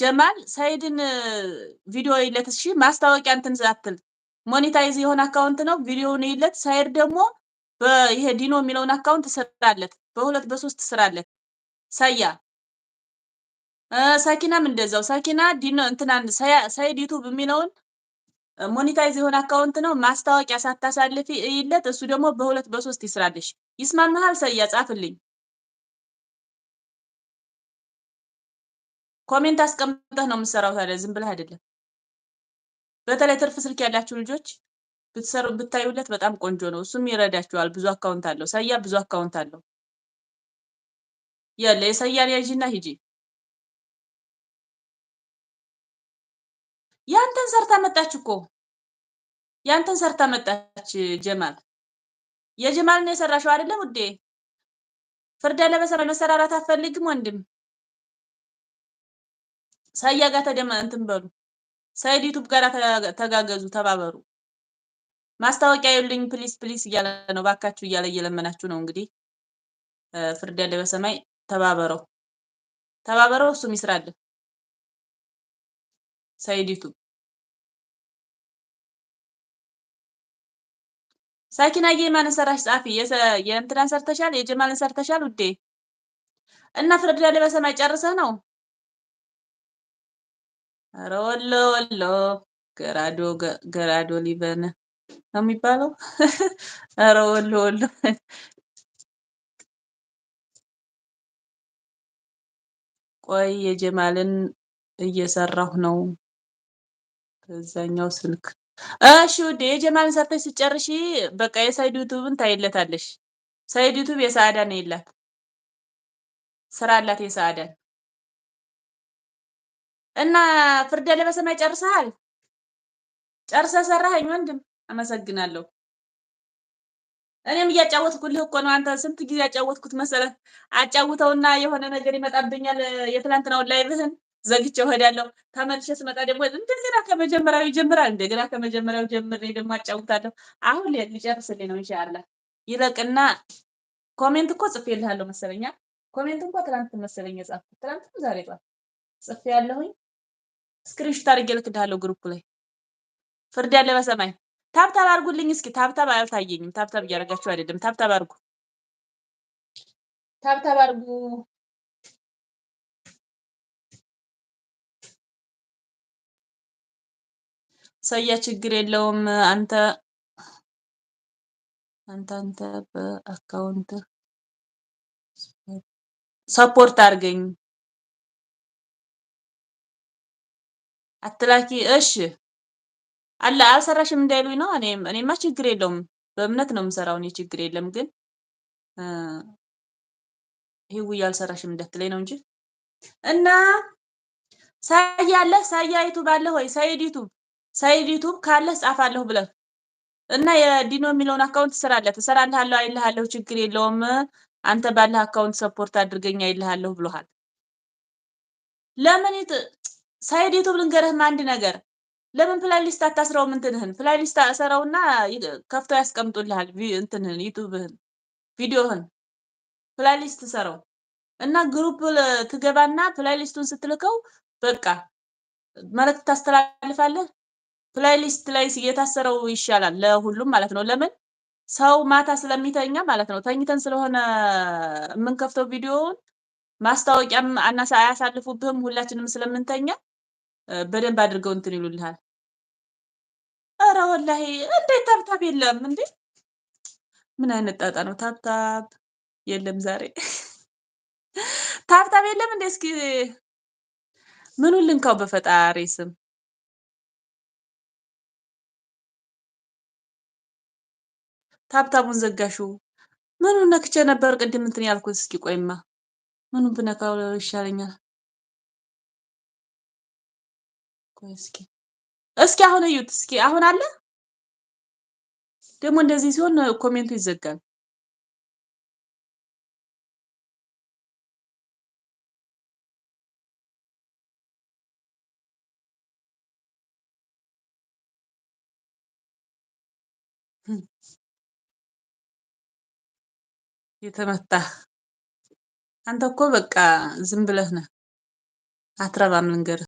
ጀማል ሰይድን ቪዲዮ ይለት እሺ፣ ማስታወቂያ እንትን ዛትል ሞኔታይዝ የሆነ አካውንት ነው። ቪዲዮውን ይለት። ሰይድ ደግሞ ይሄ ዲኖ የሚለውን አካውንት ስራለት፣ በሁለት በሶስት ስራለት። ሰያ ሰኪናም እንደዛው ሰኪና ዲኖ እንትናን ሰይድ ዩቱብ የሚለውን ሞኔታይዝ የሆነ አካውንት ነው። ማስታወቂያ ሳታሳልፊ ይለት። እሱ ደግሞ በሁለት በሶስት ይስራልሽ። ይስማማሃል? ሰያ ጻፍልኝ። ኮሜንት አስቀምጠህ ነው የምትሰራው። ታዲያ ዝም ብለህ አይደለም። በተለይ ትርፍ ስልክ ያላችሁ ልጆች ብትሰሩ ብታዩለት በጣም ቆንጆ ነው። እሱም ይረዳችኋል። ብዙ አካውንት አለው ሰያ፣ ብዙ አካውንት አለው ያለ የሰያን ያዥና ሂጂ። ያንተን ሰርታ መጣች እኮ ያንተን ሰርታ መጣች። ጀማል የጀማልን የሰራሽው አይደለም ውዴ። ፍርድ ያለበሰ መሰራራት አትፈልግም ወንድም ሰያ ጋር ተደማ እንትን በሉ ሰይድ ዩቱብ ጋር ተጋገዙ፣ ተባበሩ። ማስታወቂያ ይሉኝ ፕሊስ ፕሊስ እያለ ነው፣ ባካችሁ እያለ እየለመናችሁ ነው። እንግዲህ ፍርድ ያለ በሰማይ ተባበረው፣ ተባበረው። እሱም ይስራልን ሰይድ ዩቱብ ሳኪና የማንን ሰራሽ? ጻፊ የእንትናን ሰርተሻል፣ የጀማልን ሰርተሻል ውዴ። እና ፍርድ ያለ በሰማይ ጨርሰህ ነው ኧረ ወሎ ወሎ ገራዶ ገራዶ ሊበን ነው የሚባለው። ኧረ ወሎ ወሎ ቆይ የጀማልን እየሰራሁ ነው በዛኛው ስልክ። እሺ ውዴ የጀማልን ሰርተሽ ስጨርሺ በቃ የሳይድ ዩቱብን ታይለታለሽ። ሳይድ ዩቱብ የሰአዳን የላት ስራ አላት የሰአዳን እና ፍርደ ለበሰማይ ጨርሰሃል? ጨርሰ ሰራኸኝ ወንድም፣ አመሰግናለሁ። እኔም እያጫወትኩልህ እኮ ነው። አንተ ስንት ጊዜ ያጫወትኩት መሰለህ? አጫውተውና የሆነ ነገር ይመጣብኛል። የትላንትናውን ላይብህን ዘግቼ እሄዳለሁ። ተመልሼ ስመጣ ደግሞ እንደገና ከመጀመሪያው ይጀምራል። እንደገና ከመጀመሪያው ጀምሬ ደግሞ አጫውታለሁ። አሁን ሊጨርስልኝ ነው ኢንሻአላህ። ይለቅና ኮሜንት እኮ ጽፌልሃለሁ መሰለኛ። ኮሜንት እንኳ ትላንት መሰለኝ የጻፍኩት ትላንት፣ ዛሬ ጽፌያለሁኝ። ስክሪንሾት አድርጌ ልክልሃለሁ ግሩፕ ላይ ፍርድ ያለ በሰማይ ታብታብ አድርጉልኝ እስኪ ታብታብ አልታየኝም ታብታብ እያደረጋችሁ አይደለም ታብታብ አድርጉ ታብታብ አድርጉ ሰውዬ ችግር የለውም አንተ አንተ አንተ በአካውንት ሰፖርት አድርገኝ አትላኪ እሺ አለ አልሰራሽም እንዳይሉኝ ነው። እኔ እኔማ ችግር የለውም በእምነት ነው የምሰራው። እኔ ችግር የለም ግን ህውዬ አልሰራሽም እንዳትለኝ ነው እንጂ እና ሳያ አለ ሳያ ዩቱብ አለ ወይ ሳይድ ዩቱብ ሳይድ ዩቱብ ካለ ጻፋለሁ ብለህ እና የዲኖ የሚለውን አካውንት ትሰራለህ ትሰራልሃለሁ አይልሃለሁ ችግር የለውም አንተ ባለህ አካውንት ሰፖርት አድርገኝ አይልሃለሁ ብሎሃል። ለምን ሳይድ ዩቱብ ልንገርህም አንድ ነገር ለምን ፕላይሊስት አታስረውም? እንትንህን ፕላይሊስት ሰረውና ከፍቶ ያስቀምጡልሃል። እንትንህን ዩቱብህን ቪዲዮህን ፕላይሊስት ሰረው እና ግሩፕ ትገባና ፕላይሊስቱን ስትልከው በቃ መልዕክት ታስተላልፋለህ። ፕላይሊስት ላይ የታሰረው ይሻላል ለሁሉም ማለት ነው። ለምን ሰው ማታ ስለሚተኛ ማለት ነው። ተኝተን ስለሆነ የምንከፍተው ቪዲዮውን ማስታወቂያም አናሳ አያሳልፉብህም። ሁላችንም ስለምንተኛ በደንብ አድርገው እንትን ይሉልሃል። ኧረ ወላሂ እንዴት ታብታብ የለም እንዴ! ምን አይነት ጣጣ ነው? ታብታብ የለም ዛሬ ታብታብ የለም እንዴ! እስኪ ምኑ ልንካው በፈጣሪ ስም ታብታቡን ዘጋሹ። ምኑ ነክቼ ነበር ቅድም እንትን ያልኩት? እስኪ ቆይማ ምኑ ብነካው ይሻለኛል? እስኪ እስኪ አሁን እዩት። እስኪ አሁን አለ ደግሞ እንደዚህ ሲሆን ኮሜንቱ ይዘጋል። የተመታ አንተ እኮ በቃ ዝም ብለህ ነህ፣ አትረባም ልንገርህ።